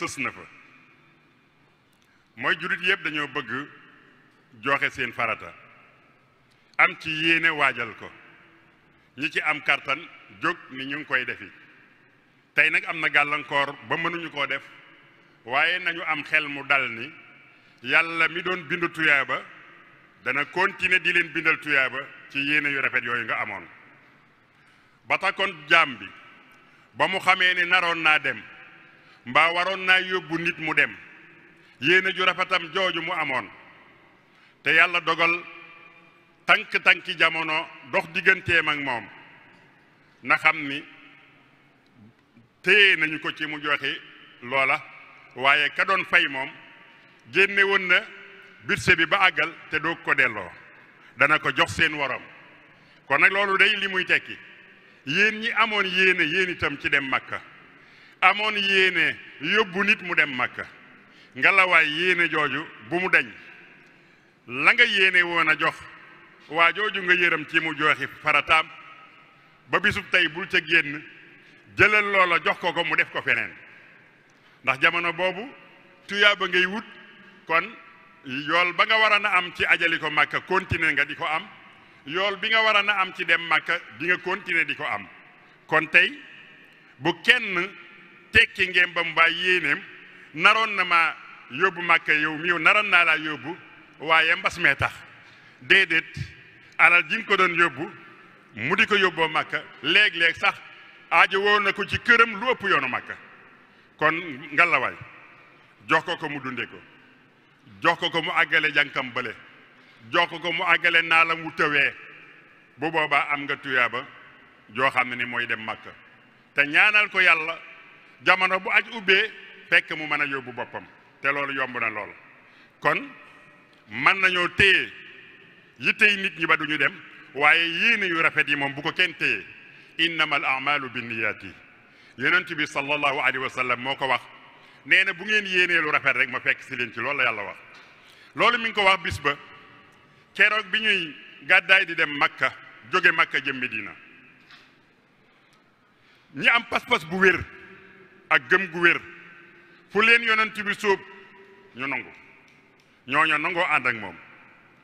sës na fa mooy jurit yëpp dañoo bëgg joxe seen farata am ci yéene waajal ko ñi ci am kartan jóg ni ñu ngi koy defi tey nag am na gàllankoor ba mënuñu koo def waaye nañu am xel mu dal ni yàlla mi doon bindu tuyaaba dana continuer di leen bindal tuyaaba ci yéene yu rafet yooyu nga amoon ba takkoon jaam bi ba mu xamee ne naroon naa dem mbaa waroon naa yóbbu nit mu dem yéene ju rafetam jooju mu amoon te yàlla dogal tànk-tànki jamono dox digganteem ak moom na xam ni téye nañu ko ci mu joxe loola waaye ka doon fay moom génne woon na budget bi ba àggal te doo ko delloo dana ko jox seen waram kon nag loolu day li muy tekki yéen ñi amoon yéene yéen itam ci dem Makka amoon yéene yóbbu nit mu dem Makka ngalawaay yéene jooju bu mu dañ la nga yéene woon a jox waa jooju nga yërëm ci mu joxi farataam ba bisub tey bul ca génn jëlal loola jox ko ko mu def ko feneen ndax jamono boobu tuyaa ba ngay wut kon yool ba nga waroon a am ci ajali ko Makka continuer nga di ko am yool bi nga waroon a am ci dem Makka di nga continuer di ko am kon tey bu kenn tekki ngembam waaye yéeneem naroon na maa yóbbu màkka yow mi yow naroon naa laa yóbbu waaye mbas mee tax déedéet alal ji nga ko doon yóbbu mu di ko yóbboo makk léeg-léeg sax aajo woo na ko ci këram lu ëpp yoonu màkka kon ngalawaay jox ko ko mu dunde ko jox ko ko mu àggale jànkam bële jox ko ko mu àggale naalam mu tëwee bu boobaa am nga tuyaaba joo xam ne ni mooy dem màkka te ñaanal ko yàlla jamono bu aj ubbee fekk mu mën a yóbbu boppam te loolu yomb na lool kon mën nañoo téye yittey nit ñi ba duñu dem waaye yéene yu rafet yi moom bu ko kenn téye innamal amalu binniyaat yi yonent bi sallallahu alayhi wa sallam moo ko wax nee na bu ngeen yéenee rafet rek ma fekk si leen ci loolu la yàlla wax loolu mi ngi ko wax bis ba keroog bi ñuy gàddaay di dem Makka jóge Makka jëm Medina ñi am pas-pas bu wér ak gëm gu wér fu leen yonent bi sóob ñu nangu ñooñu nangoo ànd ak moom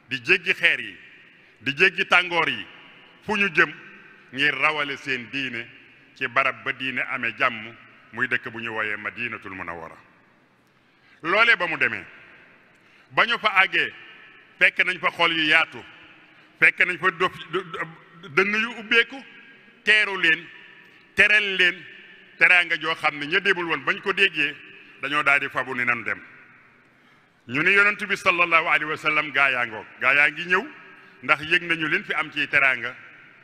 di jéggi xeer yi di jéggi tàngoor yi fu ñu jëm ngir rawale seen diine ci barab ba diine amee jàmm muy dëkk bu ñu woyee madinatul munawwara loole ba mu demee ba ñu fa àggee fekk nañ fa xol yu yaatu fekk nañ fa dënn yu ubbeeku teeru leen terel leen teraanga joo xam ne ña déebul woon bañ ko déggee dañoo daal di fabu ni nan dem ñu ne yonent bi sallallahu alayhi wa sallam gaa yaa ngoog gaa yaa ngi ñëw ndax yëg nañu leen fi am ci teraanga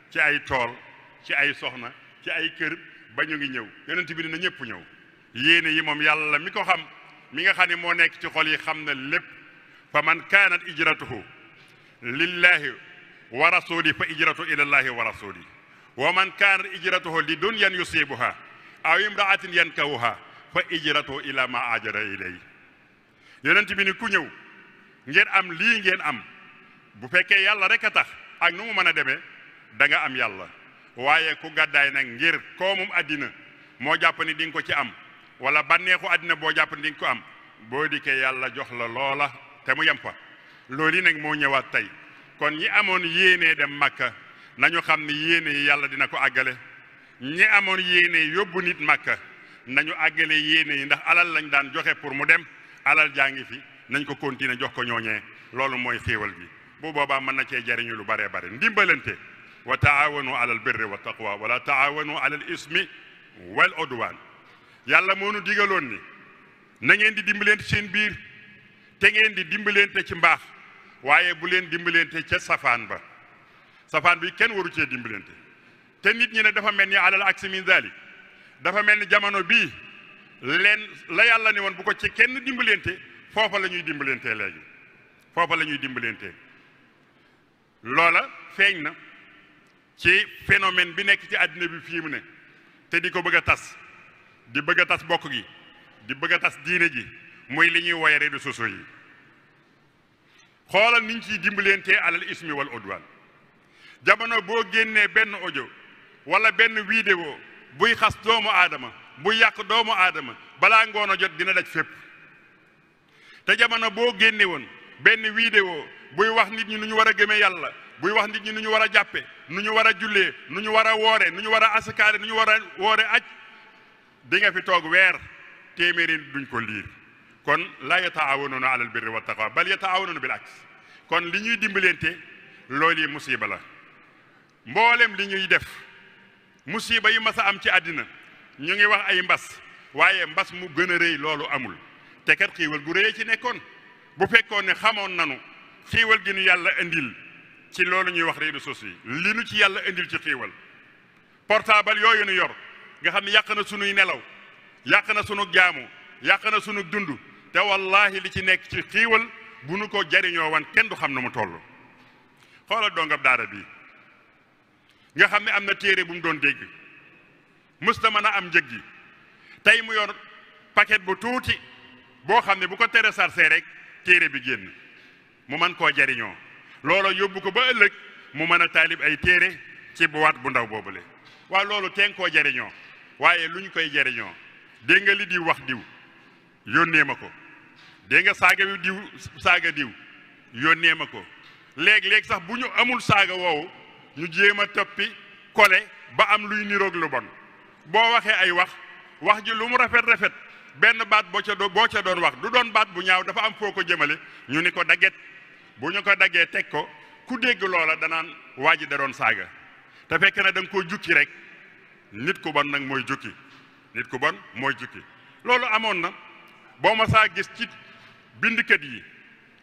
ci ay tool ci ay soxna ci ay kër ba ñu ngi ñëw yonent bi dina ñëpp ñëw yéene yi moom yàlla mi ko xam mi nga xam ne moo nekk ci xol yi xam na lépp fa man kaanat ijratuhu lillahi wa rasuli fa ijratu ilallahi wa rasuli wa man kaanat ijratuhu li dunyan yusibuha aw imraatin yankawuha fa ijratu ila ma ajara ilay yonent bi ni ku ñëw ngeen am lii ngeen am bu fekkee yàlla rek a tax ak nu mu mën a demee danga am yàlla waaye ku gàddaay nag ngir koomum àddina moo jàpp ni di ko ci am wala bànneexu àddina boo jàpp ni di nga ko am boo dikkee yàlla jox la loola te mu yem fa loolu yi nag moo ñëwaat tey kon ñi amoon yéenee dem màkka nañu xam ni yéene yi yàlla dina ko àggale ñi amoon yéene yóbbu nit màkka nañu àggale yéene yi ndax alal lañ daan joxe pour mu dem alal jaa ngi fi nañ ko continuer jox ko ñooñee loolu mooy xéewal bi bu boobaa mën na cee jariñu lu baree bare ndimbalante wa taawanu alal birri wa taqwa wala taawanu alal ismi wal odwaan yàlla moo nu digaloon ni na ngeen di dimbalante seen biir te di dimbalante ci mbaax waaye bu leen dimbalante ca safaan ba safaan bi kenn waru cee dimbalante te nit ñi ne dafa mel ni alal ak min zalik dafa mel ni jamono bii leen la yàlla ne woon bu ko ci kenn dimbalante foofa la ñuy dimbalante léegi foofa la ñuy dimbalante loola feeñ na ci phénomène bi nekk ci àddina bi fii mu ne te di ko bëgg a tas di bëgg a tas bokk gi di bëgg a tas diine ji muy li ñuy woye réseaux sociaux yi xoolal niñ ciy dimbalantee alal ismi wal odwaan jamono boo génnee benn audio wala benn vidéo buy xas doomu aadama buy yàq doomu aadama balaa ngoon a jot dina daj fépp te jamono boo génne woon benn vidéo buy wax nit ñi nu ñu war a gëmee yàlla buy wax nit ñi nu ñu war a jàppe nu ñu war a jullee nu ñu war a woore nu ñu war a asakaare nu ñu war a woore aj di nga fi toog weer téeméeri duñ ko liir kon laa yataawanuna alal birri wa taqwa bal yataawanuna bil aks kon li ñuy dimbalante loolu yi musiba la mbooleem li ñuy def musiba yi mas a am ci àddina ñu ngi wax ay mbas waaye mbas mu gën a rëy loolu amul te kat xiiwal gu rëy ci nekkoon bu fekkoon ne xamoon nanu xiiwal gi nu yàlla indil ci loolu ñuy wax réseaux sociaux yi li nu ci yàlla indil ci xiiwal portable yooyu nu yor nga xam ne yàq na sunuy nelaw yàq na sunu jaamu yàq na sunu dund te wallahi li ci nekk ci xiiwal bu nu ko jariñoo wan kenn du xam na mu toll xoolal dongab daara bii nga xam ne am na téere bu mu doon dégg musta mën a am njëg gi tey mu yor paquet bu tuuti boo xam ne bu ko tere sarsee rek téere bi génn mu mën koo jariñoo loolo yóbbu ko ba ëllëg mu mën a taalib ay téere ci boîte bu ndaw boobule waaw loolu teen koo jariñoo waaye lu ñu koy jariñoo dégg nga li diw wax diw yónnee ma ko dégg nga saaga wi diw saaga diw yónnee ma ko léeg-léeg sax bu ñu amul saaga woowu ñu jéem a toppi kole ba am luy niroog lu bon boo waxee ay wax wax ji lu mu rafet rafet benn baat boo ca boo ca doon wax du doon baat bu ñaaw dafa am foo ko jëmale ñu ni ko dagget bu ñu ko daggee teg ko ku dégg loola danaan waa ji da doon saaga te fekk na da koo jukki rek nit ku bon nag mooy jukki nit ku bon mooy jukki loolu amoon na boo ma gis ci bindkat yi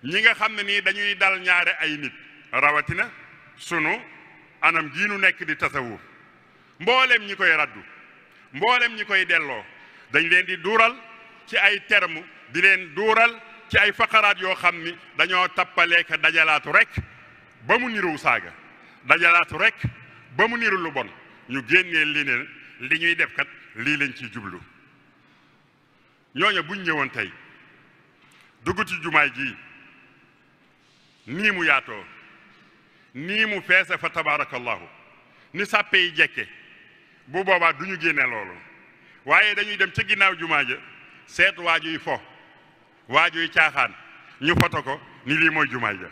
ñi nga xam ne nii dañuy dal ñaare ay nit rawatina sunu anam gii nu nekk di tasawuf mboolem ñi koy ràddu mboolem ñi koy delloo dañ leen di duural ci ay terme di leen duural ci ay faqaraat yoo xam ni dañoo tappaleeka dajalaatu rekk ba mu niruw saaga dajalaatu rekk ba mu niru lu bon ñu génnee li ne li ñuy defkat lii lañ ciy jublu ñooñu buñ ñëwoon tey dugg ci jumaay ji nii mu yaatoo nii mu feese fa tabaarakallahu ni sàppe yi jekke bu boobaa duñu ñu génne loolu waaye dañuy dem ca ginnaaw jumaa ja seet waajuy fo waajuy caaxaan ñu foto ko ni lii mooy jumaa ja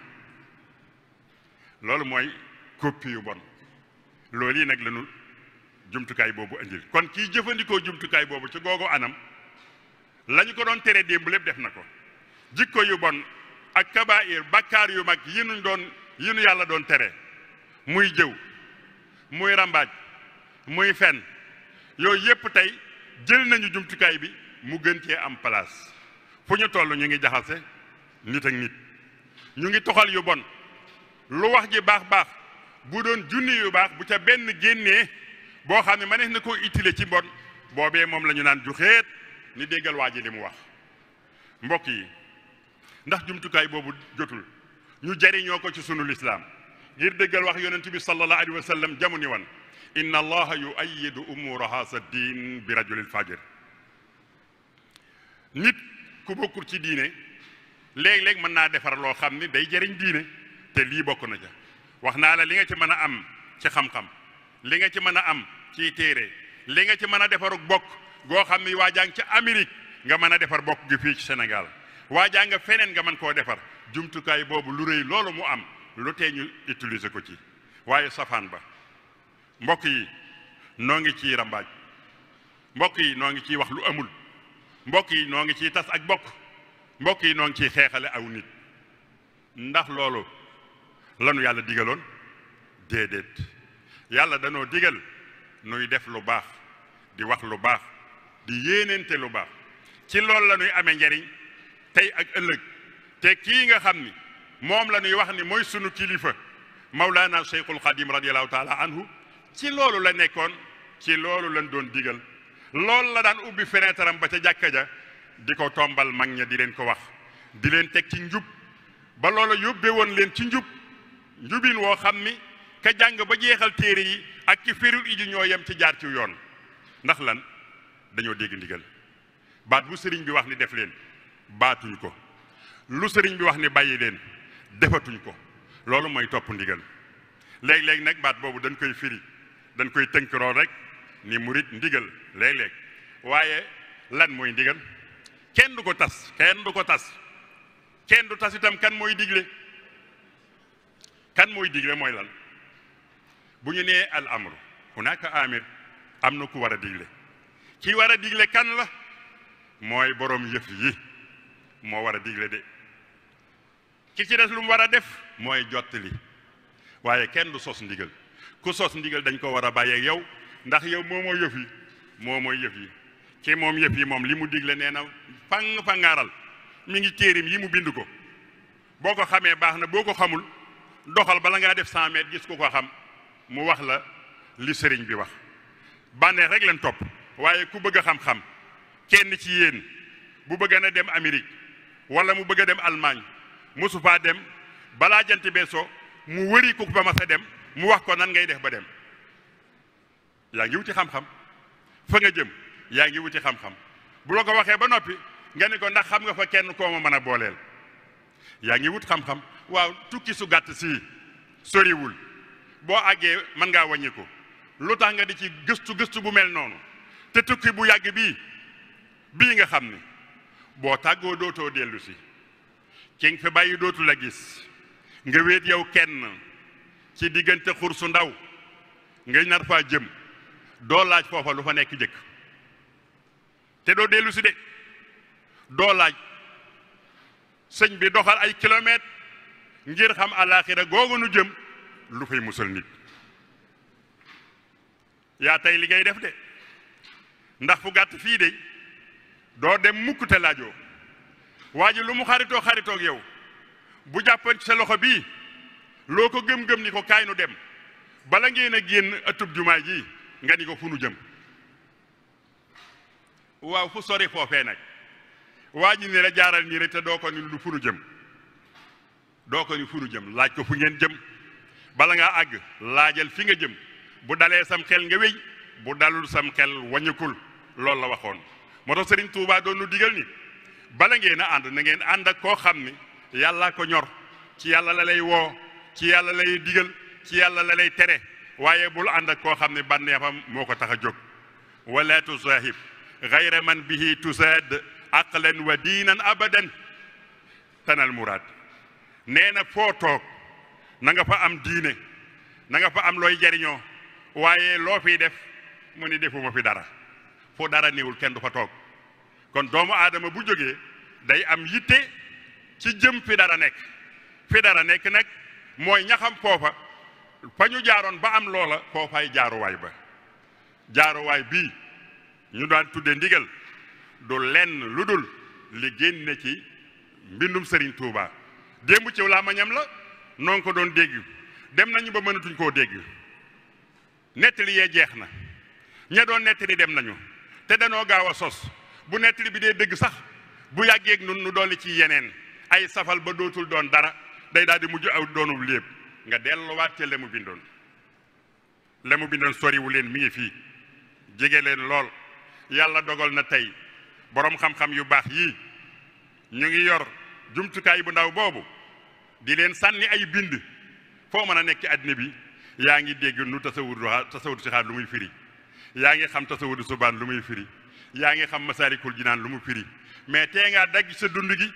loolu mooy copie yu bon loolu yi nag lañu jumtukaay boobu indil kon kii jëfandikoo jumtukaay boobu ci googu anam lañu ko doon tere démb lépp def na ko jikko yu bon ak kabaa'ir bakkaar yu mag yi ñu doon yi nu yàlla doon tere muy jëw muy ràmbaaj muy fen yooyu yépp tey jël nañu jumtukaay bi mu gën cee am place fu ñu toll ñu ngi jaxase nit ak nit ñu ngi toxal yu bon lu wax ji baax baax bu doon junni yu baax bu ca benn génnee boo xam ne mënees na ko utile ci bon boobee moom la ñu naan juxeet ni déggal waa ji li mu wax mbokk yi ndax jumtukaay boobu jotul ñu jariñoo ko ci sunu lislaam ngir dëggal wax yonent bi sallallahu alayhi wa sallam jamu ni wan inna allaha yuayidu umuura haasa diin bi rajulil fajir nit ku bokkul ci diine léeg-léeg mën naa defar loo xam ni day jëriñ diine te lii bokk na ca wax naa la li nga ci mën a am ci xam-xam li nga ci mën a am ci téere li nga ci mën a defarug bokk goo xam ni waajaa ngi ca Amérique nga mën a defar bokk gi fii ci senegal waajaa nga feneen nga mën koo defar jumtukaay boobu lu rëy loolu mu am lu tee ñu utiliser ko ci waaye safaan ba mbokk yi noo ngi ciy rambaaj mbokk yi noo ngi ciy wax lu amul mbokk yi noo ngi ciy tas ak bokk mbokk yi noo ngi ciy xeexale aw nit ndax loolu lanu yàlla digaloon déedéet yàlla danoo digal nuy def lu baax di wax lu baax di yéenente lu baax ci loolu la ñuy amee njariñ tey ak ëllëg te kii nga xam ni moom la ñuy wax ni mooy sunu kilifa Mawlana Cheikhul Khadim radiallahu taala anhu ci loolu la nekkoon ci loolu lañ doon digal loolu la daan ubbi fenêtre ba ca jàkka ja di ko tombal mag ña di leen ko wax di leen teg ci njub ba loola yóbbe woon leen ci njub njubin woo xam ni ka jàng ba jeexal téere yi ak ci firul iji ñoo yem ci jaar ci yoon ndax lan dañoo dégg ndigal baat bu sëriñ bi wax ni def leen baatuñ ko lu sëriñ bi wax ni bàyyi leen defatuñ ko loolu mooy topp ndigal léeg-léeg nag baat boobu dañ koy firi dañ koy tënkiroon rek ni murit ndigal léeg-léeg waaye lan mooy ndigal kenn du ko tas kenn du ko tas kenn du tas itam kan mooy digle kan mooy digle mooy lan bu ñu nee al amru hunaka amir am na ku war a digle ki war a digle kan la mooy borom yëf yi moo war a digle de ci ci des lu mu war a def mooy li waaye kenn du sos ndigal ku sos ndigal dañ ko war a bàyyeeg yow ndax yow moomoo yëf yi moo mooy yëf yi ci moom yëf yi moom li mu digle nee na fang fangaaral mu ngi téerim yi mu bind ko boo ko xamee baax na boo ko xamul doxal bala ngaa def cent mètres gis ku ko xam mu wax la li sëriñ bi wax bànneex rek leen topp waaye ku bëgg a xam-xam kenn ci yéen bu bëgg na dem Amérique wala mu bëgg a dem almaañ mosu faa dem balaa jant bee so mu wëri ku ba mas a dem mu wax ko nan ngay def ba dem yaa ngi wuti xam-xam fa nga jëm yaa ngi wuti xam-xam bu la ko waxee ba noppi nga ne ko ndax xam nga fa kenn koo ma mën a booleel yaa ngi wut xam-xam waaw tukki su gàtt si soriwul boo àggee mën ngaa wàññi ko lu tax nga di ci gëstu gëstu bu mel noonu te tukki bu yàgg bii bii nga xam ni boo tàggoo dootoo dellusi ci nga fi bàyyi dootu la gis nga wéet yow kenn ci diggante xur su ndaw nga nar faa jëm doo laaj foofa lu fa nekk jëkk te doo dellusi de doo laaj sëñ bi doxal ay kilomètre ngir xam alaaxira googu nu jëm lu fay musal nit yaa tey li ngay def de ndax fu gàtt fii de doo dem mukk te laajoo waa ji lu mu xaritoo xaritook yow bu jàppoon ci sa loxo bii loo ko gëm-gëm ni ko kaay nu dem bala ngeen a génn ëttub jumaa ji nga ni ko fu nu jëm waaw fu sori foofee nag waa ji ni la jaaral nii rek te doo ko ni fu nu jëm doo ko ni jëm laaj ko fu ngeen jëm bala nga àgg laajal fi nga jëm bu dalee sam xel nga wéy bu dalul sam xel wañukul loolu la waxoon moo tax Sëriñ Tuubaa doon nu digal ni bala ngeen a ànd nangeen ngeen ànd ak koo xam ni yàllaa ko ñor ci yàlla la lay woo ci yàlla lay digal ci yàlla la lay tere waaye bul ànd ak koo xam ne bànneexam moo ko tax a jóg wala tusahib gayra man bihi tusaad aqlan wa diinan abadan tanal muraad nee na foo toog na fa am diine na nga fa am looy jariñoo waaye loo fi def mu ni defuma fi dara foo dara néewul kenn du fa toog kon doomu aadama bu jógee day am yitte ci jëm fi dara nekk fi dara nekk nag mooy ñaxam foofa fa ñu jaaroon ba am loola foofaay jaaruwaay ba jaaruwaay bii ñu daan tudde ndigal du lenn lu dul li génne ci mbindum Serigne Touba démb ci laa mañam la noonu ko doon dégg dem nañu ba mënatuñ koo dégg nettali yee jeex na ña doon nettali dem nañu te danoo gaaw a sos bu nettali bi dee dégg sax bu yàggeeg nun nu dolli ci yeneen ay safal ba dootul doon dara day daal di mujj aw doonub léeb nga delluwaat ca lemu bindoon lemu bindoon soriwu leen mi ngi fii jege leen lool yàlla dogal na tey boroom xam-xam yu baax yii ñu ngi yor jumtukaay bu ndaw boobu di leen sànni ay bind foo mën a nekk ci àddina bi yaa ngi dégg nu tasawur tasawur si xaar lu muy firi yaa ngi xam tasawur subaan lu muy firi yaa ngi xam masaalikul naan lu mu firi mais tee ngaa dagg sa dund gi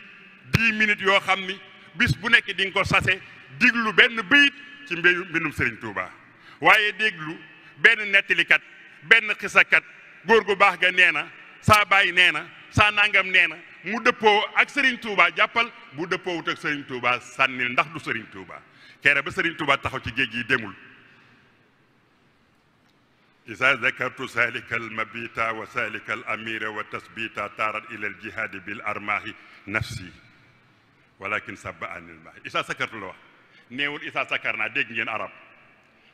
dix minutes yoo xam ni bis bu nekk di nga ko sase diglu benn bayit ci mbéyu mbindum Serigne waaye déglu benn nettalikat benn xisakat góor gu baax ga nee na saa baay nee na saa nangam nee na mu dëppoo ak Serigne Touba jàppal bu dëppoowut ak Serigne Touba sànnil ndax du Serigne Touba kere ba Serigne Touba taxaw ci géej gi demul إذا ذكرت سالك المبيت وسالك الأمير والتثبيت طارت إلى الجهاد بالأرماح نفسي ولكن sab an ilmaahi isaa sakartu la wax néewul isaa sakar naa dégg ngeen arab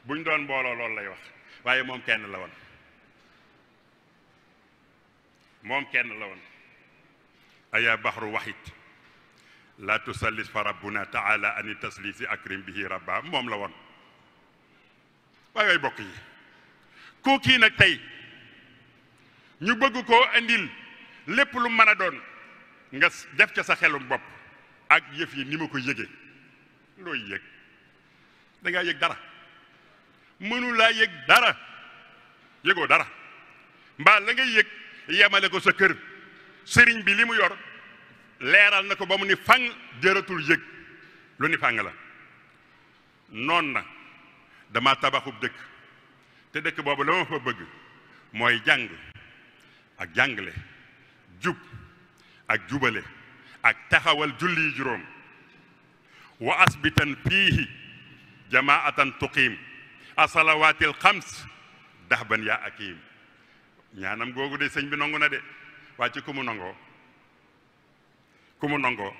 bu ñu doon mbooloo loolu lay wax waaye moom kenn la woon moom kenn la woon ayaa baxru waxit laa tusallis fa rabbuna taala ani taslisi akrim bihi rabba moom la woon waaye waay bokk yi kookii nag tey ñu bëgg koo indil lépp lu mën a doon nga def ca sa xelum bopp ak yëf yi ni ma ko yëge looy yëg da ngaa dara mënu laa yëg dara yëgoo dara mbaa la ngay yemale ko sa kër sëriñ bi li mu yor leeral na ko ba mu ni fang jëratul yëg lu ni fang la noon na dama tabaxub dëkk te dëkk boobu la ma fa bëgg mooy jàng ak jàngle jub ak jubale ak taxawal julli juróom wa asbitan fiihi jamaatan tuqiim asalawaatil xams dahban yaa akiim ñaanam googu de sëñ bi nangu na de waa ci ku mu nangoo ku mu nangoo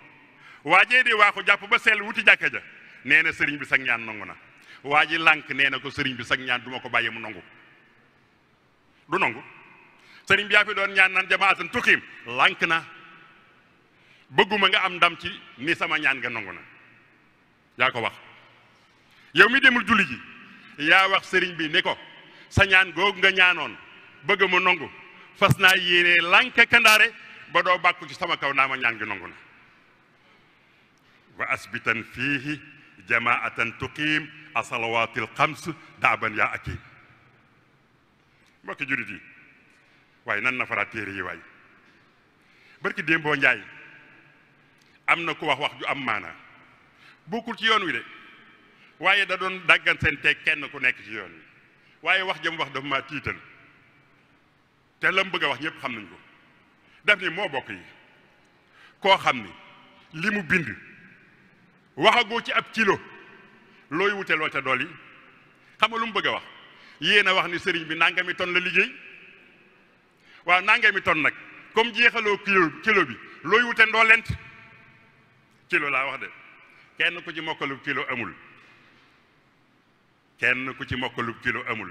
waajee de ko jàpp ba seel wuti jàkka ja nee na sëriñ bi sax ñaan nangu na waa ji lànk nee na ko sëriñ bi sag ñaan duma ko bàyyi mu nangu du nangu sëriñ bi yaa fi doon ñaan naan jamaatan tuqiim lànk na bëgguma nga am ndam ci ni sama ñaan nga nangu na yaa ko wax yow mi demul julli ji yaa wax sëriñ bi ni ko sa ñaan googu nga ñaanoon bëgg mu nongu fas naa yéenee lànk kandaare ba doo bàkku ci sama kaw naa ma ñaan nga nangu na wa asbitan fiihi jamaatan tuqiim asalawaatil xams daaban yaa ak yi mbokki jurit yi waaye nan nafaraat téere yi waay barki démboo njaay am na ku wax wax ju am maana bokkul ci yoon wi de waaye da doon dàggan seen teg kenn ku nekk ci yoon wi waaye wax jëm wax dafa ma tiital te lam bëgg a wax ñëpp xam nañ ko daf ni moo bokk yi koo xam ni li mu bind waxagoo ci ab kilo looy wute loo ca dolli xam nga lu bëgg a wax yéen a wax ni sëriñ bi nangami ton la liggéey waaw nangami ton nag comme jeexaloo kilo kilo bi looy wute ndoolent kilo laa wax de kenn ku ci mokkalub kilo amul kenn ku ci mokkalub kilo amul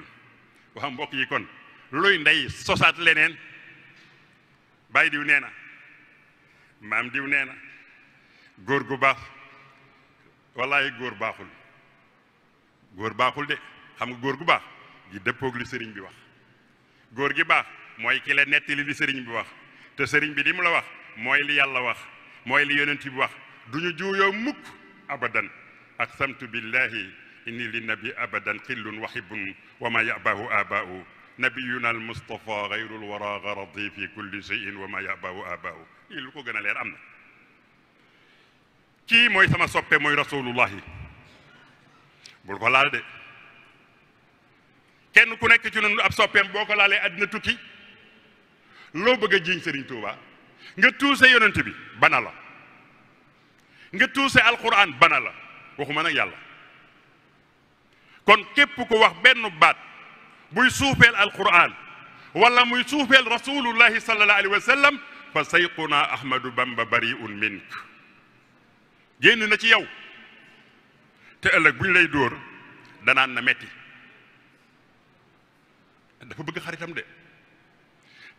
waa mbokk yi kon luy ndey sosaat leneen bay diw nee na maam diw nee na góor gu baax wallaay góor baaxul góor baaxul de xam góor gu baax gi dëppoog li sëriñ bi wax góor gi baax mooy ki la nettali li sëriñ bi wax te sëriñ bi li mu la wax mooy li yàlla wax mooy li yonent bi wax du ñu juuyoo mukk abadan aqsamtu billahi inni li nabi abadan xillun waxibun wa ma yabahu abaau nabiyuna al mustafa gayrul wara garadi fi kulli cheyin wa ma yabahu abaau lii lu ko gën a leer am na kii mooy sama soppe mooy rasulullahi bul ko laal de kenn ku nekk ci nun ab soppeem boo ko laalee àddina tukki loo bëgg a jiiñ sëriñ tuuba nga tuuse yonent bi bana la nga tuuse alquran bana la waxuma nag yàlla kon képp ko wax benn baat buy suufeel alquran walla muy suufeel rasulullahi sallallahu alayhi wa sallam fa sayquna ahmadu bamba bariun mink génn na ci yow te ëllëg bu ñu lay dóor danaan na metti dafa bëgg xaritam de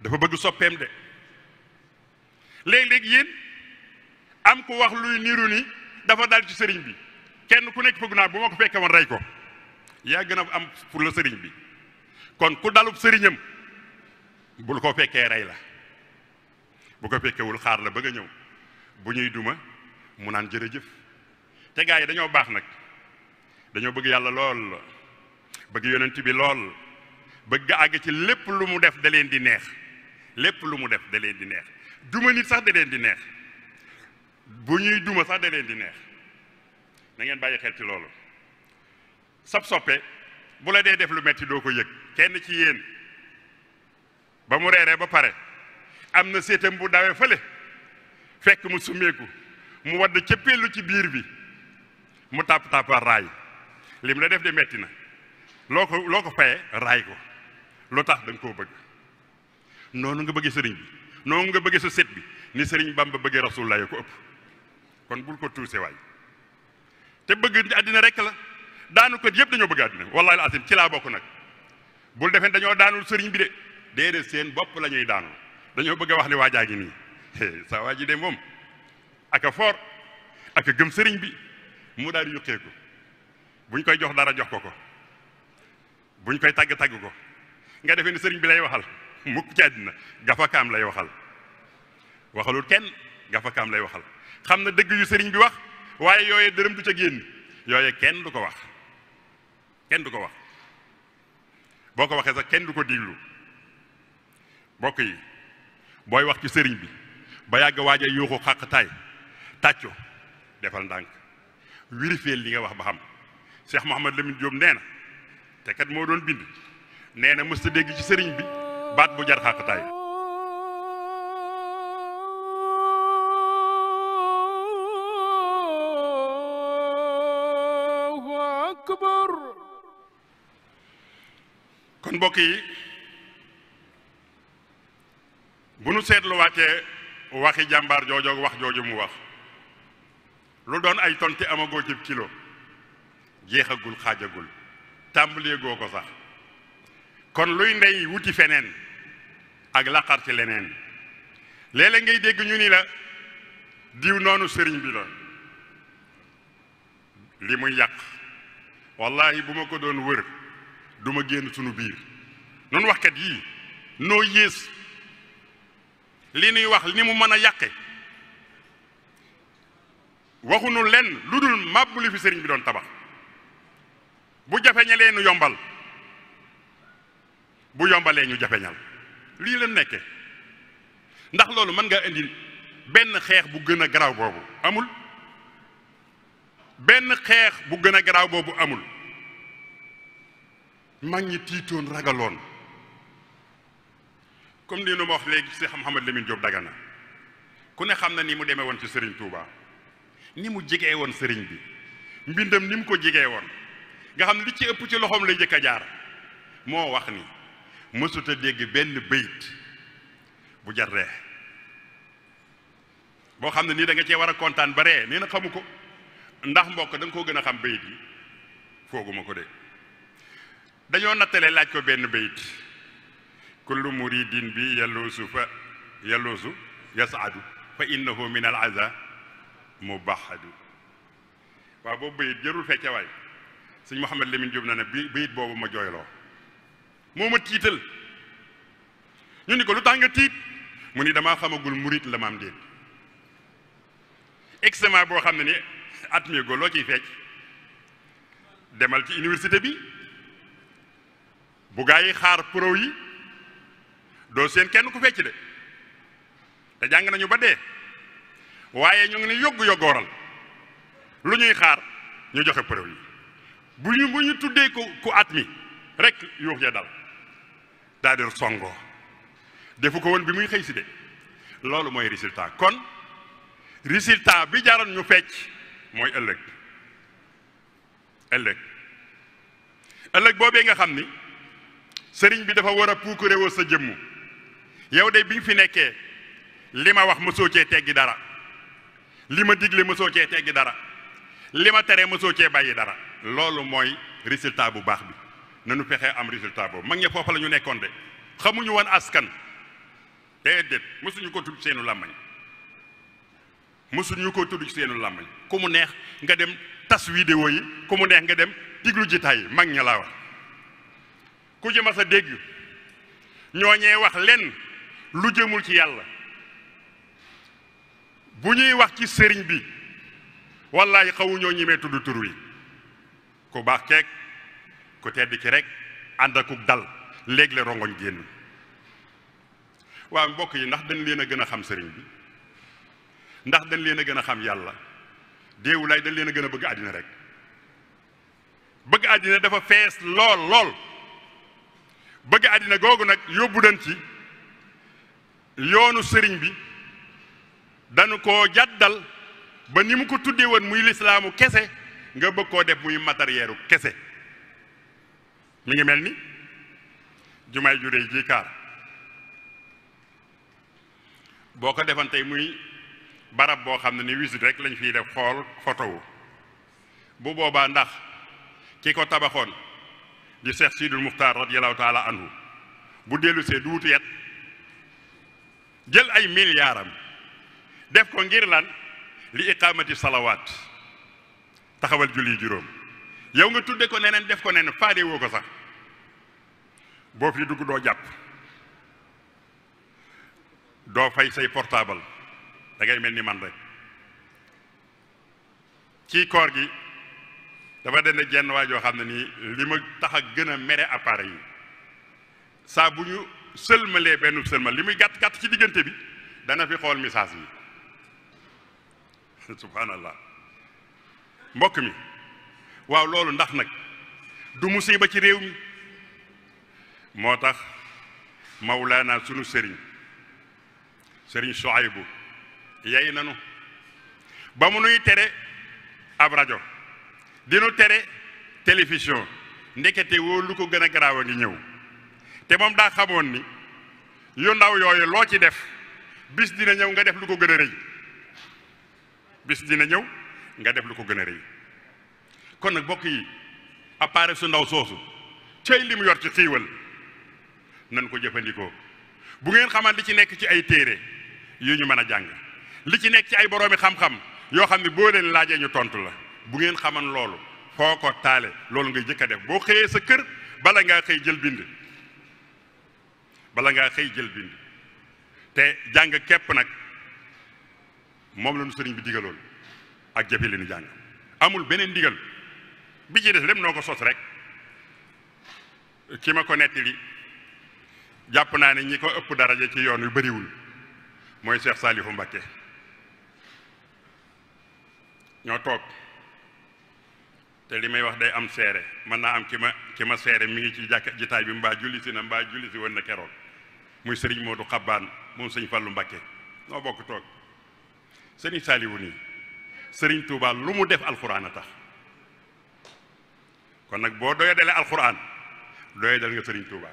dafa bëgg soppeem de léeg-léeg yéen am ku wax luy niru ni dafa dal ci sëriñ bi kenn ku nekk fëgg naa bu ma ko fekkee woon rey ko yaa gën a am pour la sëriñ bi kon ku dalub sëriñam bul ko fekkee rey la bu ko fekkewul xaar la bëgg a ñëw bu ñuy duuma mu naan jërëjëf te gaa yi dañoo baax nag dañoo bëgg yàlla lool bëgg yonent bi lool bëgg àgg ci lépp lu mu def da leen di neex lépp lu mu def da leen di neex duma nit sax da leen di neex bu ñuy duma sax da leen di neex na ngeen bàyyi xel ci loolu sab soppe bu la dee def lu metti doo ko yëg kenn ci yéen ba mu reeree ba pare am na séetam bu dawee fële fekk mu summeeku mu wadd cëppeelu ci biir bi mu tàpp tàppal raay lim la def de metti na loo ko loo ko fayee raay ko loo tax da koo bëgg noonu nga bëggee sëriñ bi noonu nga bëggee sa set bi ni sëriñ Bamba bëgge rasulullah ko ëpp kon bul ko tuuse waay te bëgg àddina rek la daanu ko yëpp dañoo bëgg àddina wallahi la asim ci laa bokk nag bul defee dañoo daanul sëriñ bi de déedéet seen bopp lañuy daanu dañoo bëgg a wax ne waajaa ngi nii sa waa ji de moom aka foor aka gëm sëriñ bi mu daal di yuqeeku buñ koy jox dara jox ko ko buñ koy tàgg tàgg ko nga defee ni sëriñ bi lay waxal mukk ci àddina gafakaam lay waxal waxalul kenn gafakaam lay waxal xam na dëgg yu sëriñ bi wax waaye yooye dërëm du ca génn yooye kenn du ko wax kenn du ko wax boo ko waxee sax kenn du ko diglu bokk yi booy wax ci sëriñ bi ba yàgg waaja yuuxu xàq taay tàccu defal ndànk wirifeel li nga wax ba xam Cheikh Mouhamad Lamine Diop nee na te kat moo doon bind nee na mës ta dégg ci sëriñ bi baat bu jar xàqtaay kon mbokk yi bu nu seetluwaatee waxi jàmbaar joojoog wax jooju mu wax lu doon ay tonti amagoo ci kilo jeexagul xaajagul tàmbalee goo ko sax kon luy ndey wuti feneen ak laqar ci leneen léeg-léeg ngay dégg ñu ni la diw noonu sëriñ bi la li muy yàq wallahi bu ma ko doon wër du ma génn sunu biir nun waxkat yii noo yées li nuy wax ni mu mën a yàqe waxunu lenn lu dul màbbu li fi sëriñ bi doon tabax bu jafeñalee nu yombal bu yombalee ñu jafeñal lii la nekke ndax loolu mën nga indi benn xeex bu gën a garaaw boobu amul benn xeex bu gën a garaaw boobu amul mag ñi tiitoon ragaloon comme ni nu ma wax léegi Cheikh Mouhamed Lamine daga na ku ne xam na nii mu demee woon ci Serigne Touba ni mu jegee woon sëriñ bi mbindam ni mu ko jegee woon nga xam ne li ci ëpp ci loxoom lay jëkk jaar moo wax ni mësuta dégg benn bayit bu jar boo xam ne nii danga cee war a kontaan bare ree nee na xamu ko ndax mbokk da koo gën a xam bayit yi fooguma ko de dañoo nattale laaj ko benn bayit kullu muridin bi yalluusu fa yalluusu yasaadu fa innahu min al aza mubahadu waaw boobu bayit jërul fecce waay sëñ Mouhamed Lamine Diop na ne bi bayit boobu ma jooyloo moo ma tiital ñu ni ko lu tax nga tiit mu ni dama xamagul murit la maam déet examen boo xam ne ni at go loo ciy fecc demal ci université bi bu gaa yi xaar pro yi doo seen kenn ku fecc de te jàng nañu ba dee waaye ñoo ngi ne yoggu yoggooral lu ñuy xaar ñu joxe pro yi bu ñu bu ñu tuddee ku ku at mi rek yuux ya dal daa di songoo defu ko woon bi muy xëy si de loolu mooy résultat kon résultat bi jaroon ñu fecc mooy ëllëg ëllëg ëllëg boobee nga xam ni sëriñ bi dafa war a puukarewoo sa jëmm yow de bi nga fi nekkee li ma wax mosoo cee teggi dara li ma digle mosoo cee teggi dara li ma tere mosoo cee bàyyi dara loolu mooy résultat bu baax bi nañu fexee am résultat boobu mag ña foofa lañu nekkoon de xamuñu woon askan déedéet mosuñu ko tudd seenu làmmañ mësuñu ko tudd seenu làmmañ ku mu neex nga dem tas vidéo yi ku mu neex nga dem diglu jitaay mag ña laa wax ku jëma sa dégg ñooñee wax lenn lu jëmul ci yàlla bu ñuy wax ci sëriñ bi wallahi xawuñoo ñimee tudd tur wi ku baax keeg ku tedd ci rek ànd dal léegi la rongoñ génn waaw mbokk yi ndax dañ leen a gën a xam sëriñ bi ndax dañ leen a gën a xam yàlla déewu lay dañ leen a gën a bëgg àddina rek bëgg àddina dafa fees lool lool bëgg àddina googu nag yóbbu dañ ci yoonu sëriñ bi dañu koo jàddal ba ni mu ko tuddee woon muy lislaamu kese nga bëgg koo def muy matériel kese mu ngi mel ni jumaay juré ji kaar boo ko defan tey muy barab boo xam ne ni wisit rek lañ fiy def xool photo bu boobaa ndax ki ko tabaxoon di Seex Sidul Muxtaar radiyallahu taala anhu bu dellusee du wuti yet jël ay miliyaaram def ko ngir lan li iqaamati salawaat taxawal julli juróom yow nga tudde ko neneen def ko neneen faade woo ko sax boo fi dugg doo jàpp doo fay say portable dangay mel ni man rek ci koor gi dafa dend jenn waa joo xam ne nii li ma tax a gën a mere appareil yi saa bu ñu sëlmalee benn sëlmal li muy gàtt gàtt ci diggante bi dana fi xool message yi subhanallah mbokk mi waaw loolu ndax nag du ba ci réew mi moo tax naa sunu sëriñ sëriñ Soaybu yey nanu ba mu nuy tere ab rajo dinu tere télévision ndekete woo lu ko gën a garaaw a ngi ñëw te moom daa xamoon ni yu ndaw yooyu loo ci def bis dina ñëw nga def lu ko gën a rëy bis dina ñëw nga def lu ko gën a rëy kon nag bokk yi appareil su ndaw soosu cey li yor ci xiiwal nan ko jëfandikoo bu ngeen xaman li ci nekk ci ay téere yu ñu mën a jàng li ci nekk ci ay boroomi xam-xam yoo xam ne boo leen laajee ñu tontu la bu ngeen xaman loolu foo ko taale loolu ngay jëkk a def boo xëyee sa kër bala ngaa xëy jël bind bala ngaa xëy jël bind te jàng képp nag moom la sëriñ bi digaloon ak jëfe li ñu jàng amul beneen ndigal bi ci des lépp noo ko sos rek ki ma ko nettali jàpp naa ne ñi ko ëpp daraja ci yoon yu bariwul mooy Cheikh Saliou Mbacké ñoo toog te li may wax day am seere mën naa am ki ma ki ma seere mu ngi ci jàkka jitaay bi mbaa julli si na mbaa julli si woon na keroog muy sëriñ Modou Xabbaan moom sëñ Fallou Mbacké noo bokk toog sëriñ Saliou nii sëriñ Touba lu mu def alxuraan a tax kon nag boo doya dalee alxuraan doya dal nga sëriñ Touba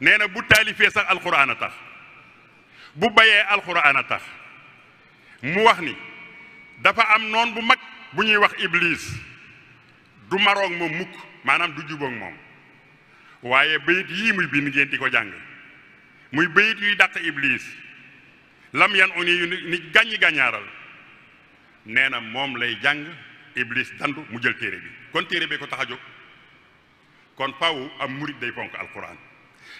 nee na bu taalifee sax alxuraan a tax bu bayee alxuraan a tax mu wax ni dafa am noon bu mag bu ñuy wax iblis du maroog moom mukk maanaam du juboog moom waaye bayit yii muy bind ngeen di ko jàng muy bayit yuy dàq iblis lam yan uni yu ni gàññi gàññaaral nee na moom lay jàng iblis dandu mu jël téere bi kon téere bee ko tax a jóg kon fawu am murit day fonk alquran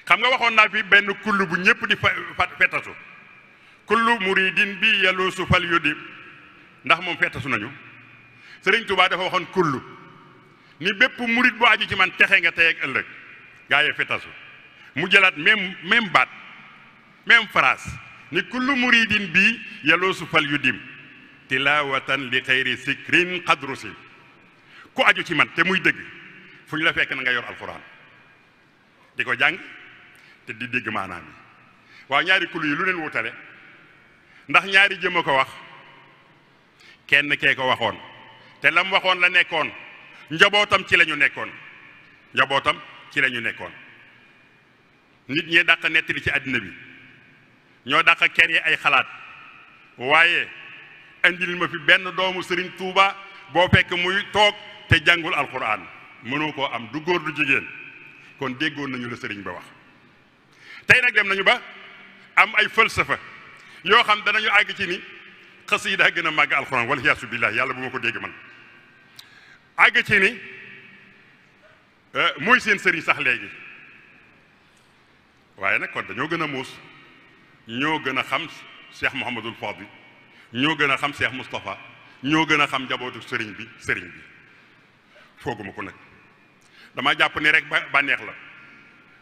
xam nga waxoon naa fi benn kull bu ñëpp di fettasu kullu muridin bi yaluusu fal yudib ndax moom fettasu nañu sëriñ Tuubaa dafa waxoon kullu ni bépp murit bu aju ci man texe nga tey ak ëllëg gaa yee fettasu mu jëlaat même même baat même phrase ni kullu muridin bi yaluusu fal yudib tilawatan li xayri sikrin xadru si ku aju ci man te muy dëgg fu ñu la fekk na nga yor alxuraan di ko jàng te di dégg maanaam yi waaw ñaari kulu yi lu leen wutale ndax ñaari jëm a ko wax kenn kee ko waxoon te lam waxoon la nekkoon njabootam ci lañu nekkoon njabootam ci la ñu nekkoon nit ñee dàq nettali ci àddina bi ñoo dàq kër yi ay xalaat waaye indil ma fi benn doomu sëriñ Touba boo fekk muy toog te jàngul alquran mënoo koo am du góor du jigéen kon déggoon nañu la Serigne ba wax. tey nag dem nañu ba am ay falsafa yoo xam danañu àgg ci ni daa gën a màgg alquran wala yaasu billah yàlla bu ma ko dégg man àgg ci ni eh, muy seen Serigne sax léegi waaye nag kon dañoo gën a muus ñoo gën a xam Cheikh Mouhamadul Fadil ñoo gën a xam Cheikh Moustapha ñoo gën a xam njabootu sëriñ bi sëriñ bi fooguma ko nag dama jàpp ni rek ba bànneex la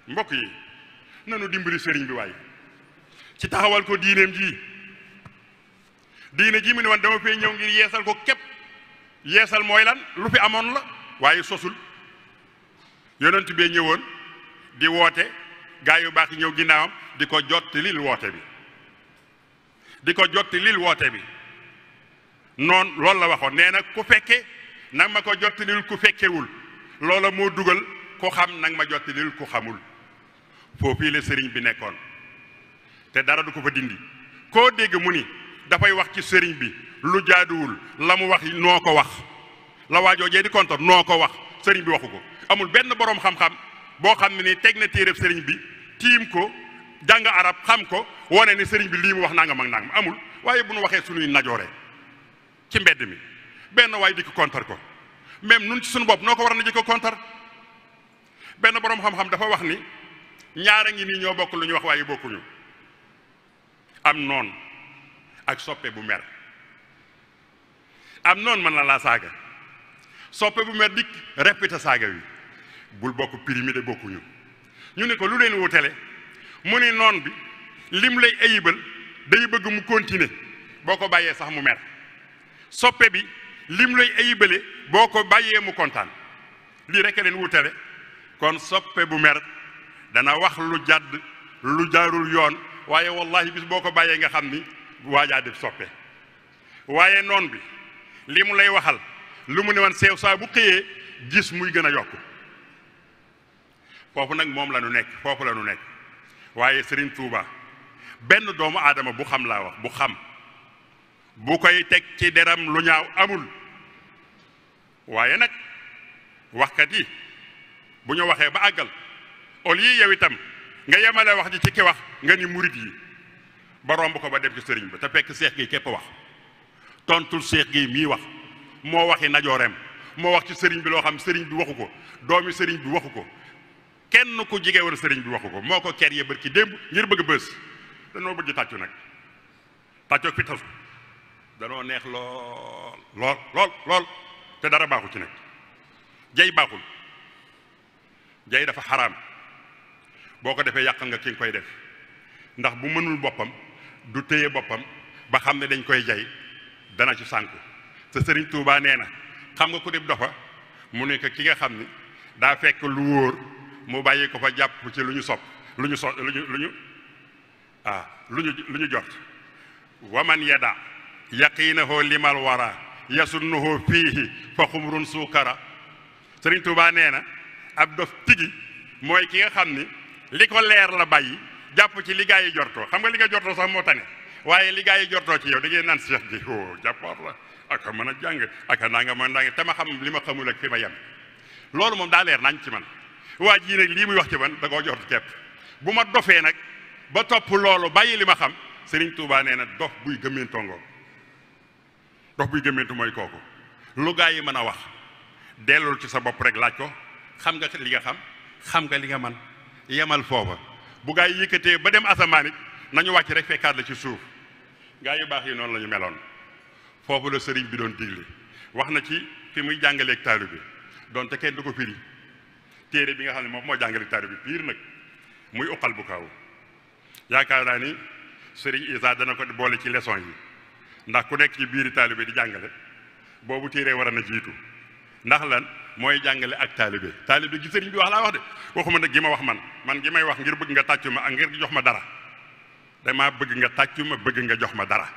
mbokk yi nanu dimbali sëriñ bi waaye ci taxawal ko diineem ji diine ji mu ne wan dama fee ñëw ngir yeesal ko képp yeesal mooy lan lu fi amoon la waaye sosul yonent bee ñëwoon di woote gaa yu baax yi ñëw ginnaawam di ko jottali woote bi di ko jotti lil woote bi noon loolu la waxoon nee nag ku fekke nag ma ko jotti ku fekkewul loola moo dugal ku xam nag ma jotti lil ku xamul foofii la sëriñ bi nekkoon te dara du ko fa dindi koo dégg mu ni dafay wax ci sëriñ bi lu jaaduwul la mu wax noo ko wax la waajoojee di kontor noo ko wax sëriñ bi waxu ko amul benn boroom xam-xam boo xam ne ni teg na téereb sëriñ bi tiim ko jàng arab xam ko wone ne sëriñ bi lii mu wax naa nga nangam ak nangam amul waaye bu nu waxee suñuy najoore ci mbedd mi benn waay dikk ko ko même nun ci suñu bopp noo ko war na di ko benn boroom xam-xam dafa wax ni ñaara ngi nii ñoo bokk lu ñuy wax waaye bokkuñu am noon ak soppe bu mer am noon mën na laa saaga soppe bu mer dikk répété saaga wi bul bokk périmé de bokkuñu ñu ne ko lu leen wutale mu ni noon bi lim lay ayibal day bëgg mu continuer boo ko bàyyee sax mu mer soppe bi lim lay ayibale boo ko bàyyee mu kontaan lii rek leen wutale kon soppe bu mer dana wax lu jàdd lu jaarul yoon waaye wallahi bis boo ko bàyyee nga xam ni waajaa def soppe waaye noon bi li mu lay waxal lu mu ne wan seew saa bu xëyee gis muy gën a yokk foofu nag moom la ñu nekk foofu la ñu nekk waaye Serigne Touba benn doomu aadama bu xam laa wax bu xam bu koy teg ci deram lu ñaaw amul waaye nag waxkat yi bu ñu waxee ba àggal au lieu yow itam nga yemale wax ji ci ki wax nga ni murit yi ba romb ko ba dem ci sëriñ ba te fekk seex gi képp wax tontul seex gi mii wax moo waxi najooreem moo wax ci sëriñ bi loo xam sëriñ bi waxu ko doomi sëriñ bi waxu ko kenn ku jige woon sëriñ bi waxu ko moo ko ker ya bër ki démb ngir bëgg bës danoo bëgg tàccu nag tàccoog fi danoo neex lool lool lool te dara baaxu ci nag jay baaxul jay dafa xaraam boo ko defee yàq nga ki nga koy def ndax bu mënul boppam du téye boppam ba xam ne dañ koy jay dana ci sànku sa sëriñ Tuubaa nee na xam nga ku dib dofa mu nekk ki nga xam ni daa fekk lu wóor mu bàyyi ko fa jàpp ci lu ñu sopp lu ñu so lu ñu lu ñu ah lu ñu lu ñu jot waman yada yaqiinahu limal wara yasunnuhu fiihi fa xumrun suukara sëriñ Tuubaa nee na ab dof tigi mooy ki nga xam ni li ko leer la bàyyi jàpp ci li gaa yi jortoo xam nga li nga jortoo sax moo tane waaye li gaa yi jortoo ci yow da ngeen naan seex bi o jàppoor la aka mën a jàng aka naa nga mën naa nga te ma xam li ma xamul ak fi ma yem loolu moom daa leer nañ ci man waa jii nag lii muy wax ci man da koo jort kepp bu ma dofee nag ba topp loolu bàyyi li ma xam sëriñ Touba nee na dof buy gëmmentu ngoo dof buy gëmmentu mooy kooku lu gaa yi mën a wax dellul ci sa bopp rek laaj ko xam nga li nga xam xam nga li nga man yemal foofa bu gaa yi yëkkatee ba dem asamaan it nañu wàcc rek fekkaat la ci suuf gaa yu baax yi noonu la meloon foofu la sëriñ bi doon digle wax na ci fi muy jàngaleeg taalu bi doonte kenn du ko firi téere bi nga xam ne moom moo jàngale taari bi piir nag muy uqal bu kaw yaakaar naa ni sëriñ Isa dana ko boole ci leçon yi ndax ku nekk ci biir biiri taalibe di jàngale boobu téere war na jiitu ndax lan mooy jàngale ak taalibe taalibe gi sëriñ bi wax laa wax de waxuma nag gi ma wax man man gi may wax ngir bëgg nga tàccu ma ak ngir jox ma dara dama bëgg nga tàccu ma bëgg nga jox ma dara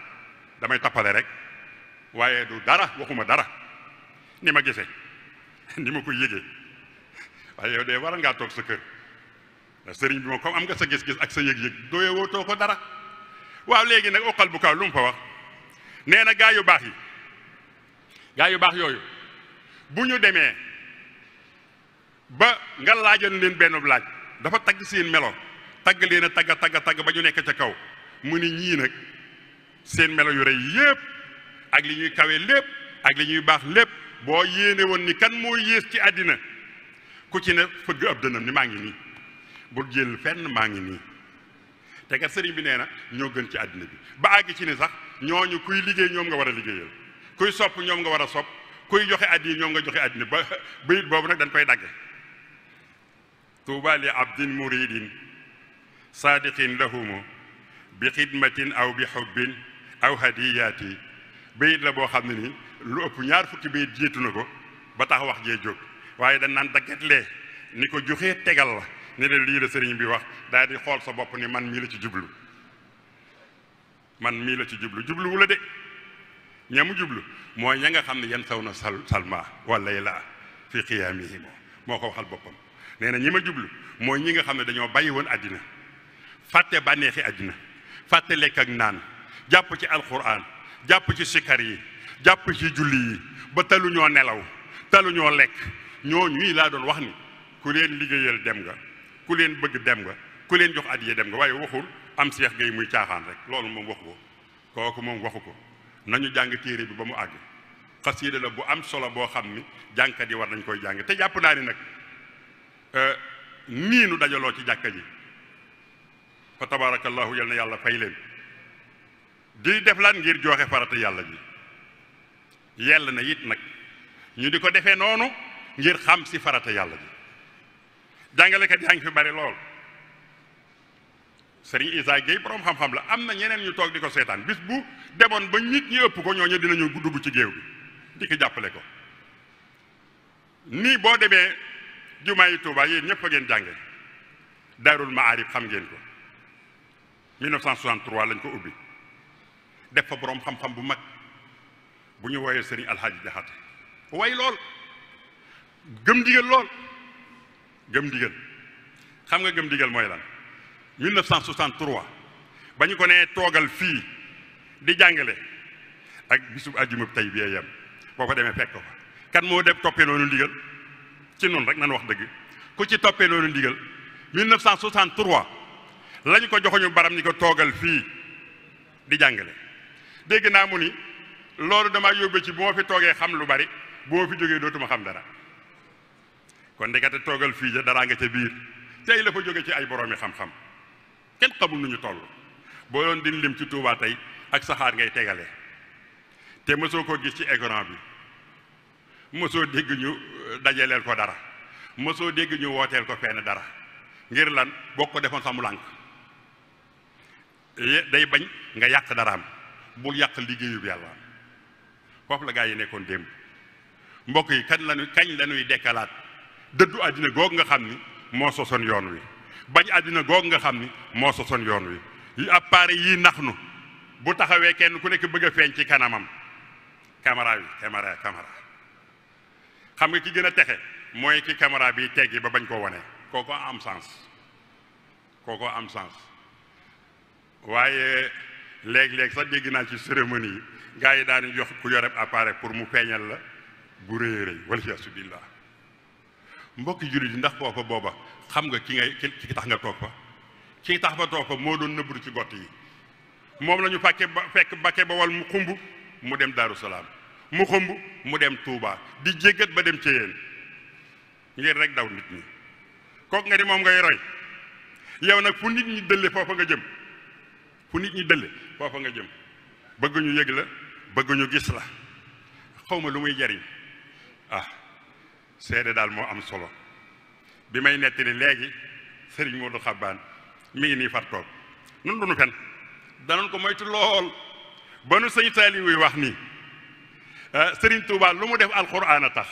damay tappale rek waaye du dara waxuma dara ni ma gise ni ma waaye ah, yow de war ngaa toog sa kër ah, sëriñ bi moom comme am nga sa gis-gis ak sa yëg-yëg dooye wootoo ko dara waaw léegi nag oqal bu kaw lu mu fa wax nee na gaa yu baax yi gaa yu baax yooyu bu ñu demee ba nga laajoon leen benn laaj dafa tagg seen melo tagg leen a tagg tagg tagg ba ñu nekk ca kaw mu ni ñii nag seen melo yu rëy yépp ak li ñuy kawe lépp ak li ñuy baax lépp boo yéene woon ni kan moo yées ci àddina ku ci ne fëgg ab dënam ni maa ngi nii bul jël fenn maa ngi nii te nga sëriñ bi nee na ñoo gën ci àddina bi ba àgg ci ni sax ñooñu kuy liggéey ñoom nga war a liggéeyal kuy sopp ñoom nga war a sopp kuy joxe àddina ñoom nga joxe àddina ba bayit boobu nag dañ koy dagge tuuba li abdin muridin saadiqin lahumu bi xidmatin aw bi xubbin aw hadiyaati bayit la boo xam ne ni lu ëpp ñaar fukki bayit jiitu na ko ba tax wax jee jóg waaye dañ naan dagget ni ko joxee tegal la ne leen lii la sëriñ bi wax daal di xool sa bopp ni man mii la ci jublu man mii la ci jublu jublu de ñamu jublu mooy ña nga xam ne yan saw na sal salma wala yi laa fi xiyaamihim ko waxal boppam nee na ñi ma jublu mooy ñi nga xam ne dañoo bàyyi woon àddina fàtte bànneexi àddina fàtte lekk ak naan jàpp ci alquran jàpp ci sikar yi jàpp ci julli yi ba taluñoo nelaw taluñoo lekk ñooñu yi laa doon wax ni ku leen liggéeyal dem nga ku leen bëgg dem nga ku leen jox addiya dem nga waaye waxul am seex gay muy caaxaan rek loolu moom waxu ko kooku moom waxu ko nañu jàng téere bi ba mu àgg xasiida bu am solo boo xam ni jàngkat yi war nañ koy jàng te jàpp naa ni nag euh, nii dajaloo ci jàkka ji fa tabarakallahu yal na yàlla fay leen di def lan ngir joxe farata yàlla ji yell na it nag ñu di ko defe noonu ngir xam si farata yàlla ji jàngalekat yaa ngi fi bari lool Serigne Issa Gueye boroom xam-xam la am na ñeneen ñu toog di ko seetaan bis bu deboon ba nit ñi ëpp ko ñooñu dinañu dugg ci géew bi dikk jàppale ko nii boo demee jumaa yi Touba yéen ñëpp a ngeen jànge Daarul Maarif xam ngeen ko 1963 lañ ko ubbi def fa borom xam-xam bu mag bu ñu woyee sëriñ Alhaji Jaxate way lool gëm ndigal lool gëm ndigal xam nga gëm ndigal mooy lan 1963 ba ñu ko nee toogal fii di jàngale ak bisub àjjuma tey bi yem boo ko demee fekk ko kan moo def toppee noonu ndigal ci noonu rek nan wax dëgg ku ci toppee noonu ndigal 1963 lañ ko joxoñu baram ni ko toogal fii di jàngale dégg naa mu ni loolu damaa yóbbe ci bu ma fi toogee xam lu bari bu ma fi jógee dootuma xam dara kon ndekete toogal fii ja daraa nga ca biir tey la fa jóge ci ay boroomi xam-xam kenn xamul nu ñu toll boo doon di lim ci Touba tey ak saxaar ngay tegale te mësoo koo gis ci écran bi mësoo dégg ñu euh, dajaleel ko dara mësoo dégg ñu wooteel ko fenn dara ngir lan boo ko defoon samu lànk day bañ nga yàq daraam bul yàq liggéeyub yàlla foofu la gaa yi nekkoon démb mbokk yi kañ lañu kañ lañuy dekkalaat dëddu àddina googu nga xam ni moo sosoon yoon wi bañ àddina googu nga xam ni moo sosoon yoon wi yi appareil yii nax nu bu taxawee kenn ku nekk bëgg a feeñ ci kanamam caméra bi caméra caméra xam nga ki gën a texe mooy ki caméra bi teggi ba bañ ko wane kooko am sens kooko am sens waaye léeg-léeg sax dégg naa ci cérémonie yi gars yi daanu jox ku yoreb appareil pour mu feeñal la bu rëy a rëy wala yasubillah mbokki jullit yi ndax kooka booba xam nga ki ngay ki tax nga toog fa ki tax fa toog fa moo doon nëbbatu ci gott yi moom lañu ñu fàkke ba fekk bakke ba wal mu xumb mu dem Daaru Salaam mu xumb mu dem Touba di jéggat ba dem ci yéen ngir rek daw nit ñi kooku nga di moom ngay roy yow nag fu nit ñi dëlle foofa nga jëm fu nit ñi dëlle foofa nga jëm bëgguñu ñu yëg la bëgguñu gis la xaw ma lu muy jariñ ah seede daal moo am solo bi may nettali léegi sëriñ Modou Xabbaan mi ngi nii far toog nun duñu fen danoon ko moytu lool ba nu sëñ Saali wuy wax nii eh, sëriñ Touba lu mu def alxuraan a tax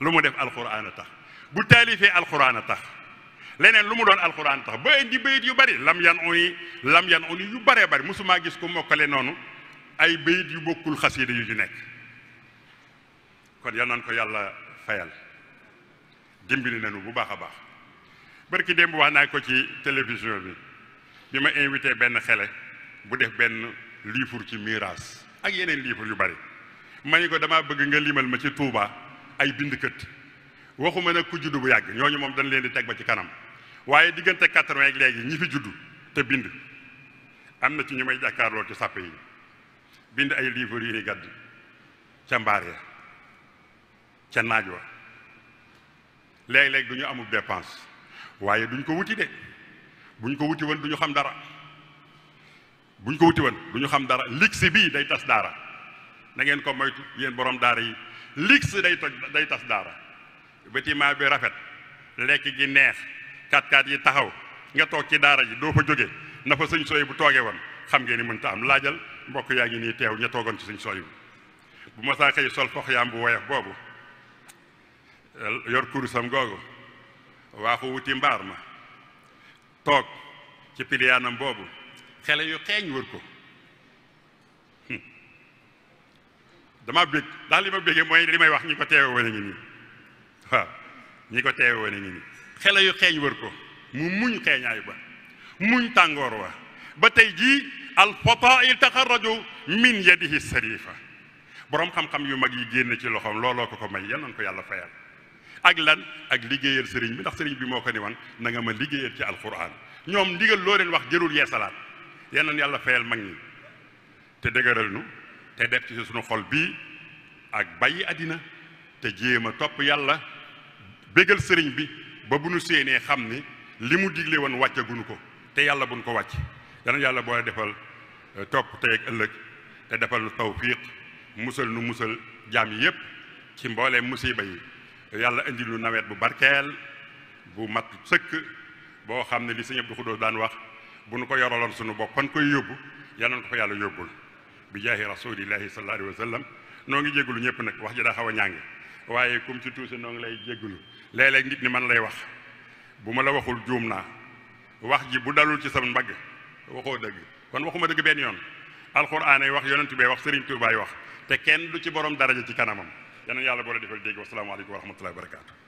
lu mu def alxuraan a tax bu taalifee alxuraan a tax leneen lu mu doon alxuraan a tax ba indi bayit yu bari lam yan uyi lam yan uyi yu baree bari mosumaa gis ko mokkale noonu ay bayit yu bokkul xasiida yu ñu nekk kon yal ko yàlla fayal dimbali nañu bu baax a baax barki démb wax naa ko ci télévision bi bi ma invité benn xele bu def benn livre ci miraas ak yeneen livre yu bari ma ni ko damaa bëgg nga limal ma ci Touba ay bindkat waxuma nag ku juddu bu yàgg ñoo ñu moom dañ leen di teg ba ci kanam waaye diggante quatre-vingt ak léegi ñi fi juddu te bind am na ci ñu may jàkkaarloo ci sàppe yi bind ay livre yu ni gàdd ca mbaar ya ca naaj wa léeg-léeg du ñu amul dépense waaye duñ ko wuti de buñ ko wuti woon du ñu xam dara buñ ko wuti woon du ñu xam dara ligsi bii day tas daara na ngeen ko moytu yéen boroom daara yi ligsi day toj day tas daara bâtiment bi rafet lekk gi neex kat-kat yi taxaw nga toog ci daara ji doo fa jóge na fa suñ sooy bu toogee woon xam ngeen ni mënta am laajal mbokk yaa ngi nii teew ña toogoon ci suñ sooy bu ma saa xëy sol fox yaam bu woyof boobu yor kurusam googu waaxu wuti mbaar ma toog ci piliyaanam boobu xele yu xeeñ wër ko dama bég daal li ma bégee mooy li may wax ñi ko teewe woon a ngi nii ko teewe woon a ngi xele yu xeeñ wër ko mu muñ xeeñaay ba muñ tàngoor wa ba tey jii al fatail taxarraju min yadihi sarifa boroom xam-xam yu mag yi génn ci loxoom looloo ko ko may yal nañ ko yàlla fayal ak lan ak liggéeyal sëriñ bi ndax sëriñ bi moo ko ni wan nanga ma liggéeyal ci alquran ñoom ndigal loo leen wax jërul yee salaat yal yàlla fayal mag ñi te dëgëral nu te def ci suñu xol bii ak bàyyi àddina te jéem a topp yàlla bégal sëriñ bi ba bu nu séenee xam ni li mu digle woon wàccaguñu ko te yàlla buñ ko wàcc yal yàlla boole defal eh, topp tey ak ëllëg te defal nu tawfiq musal nu musal jaam yépp ci mbooleem musiba yi yàlla indi lu nawet bu barkeel bu mat sëkk boo xam ne li sëñ Abdou Khoudous daan wax bu nu ko yoraloon suñu bopp fan koy yóbbu yal nañu ko fa yàlla yóbbul bi jaahi rasulillahi sallallahu alayhi wa sallam noo ngi jégalu ñëpp nag wax ji daa xaw a ñàng waaye comme ci tuuti noo ngi lay jégalu léeg-léeg ni man lay wax bu ma la waxul juum naa wax ji bu dalul ci sam mbagg waxoo dëgg kon waxuma dëgg benn yoon alxuraan ay wax yonent bee wax Sëriñ Tuubaay wax te kenn du ci borom daraja ci kanamam. yal na yàlla boole defal dégg wasalaamaaleykum wa rahmatullahi wa barakaatu.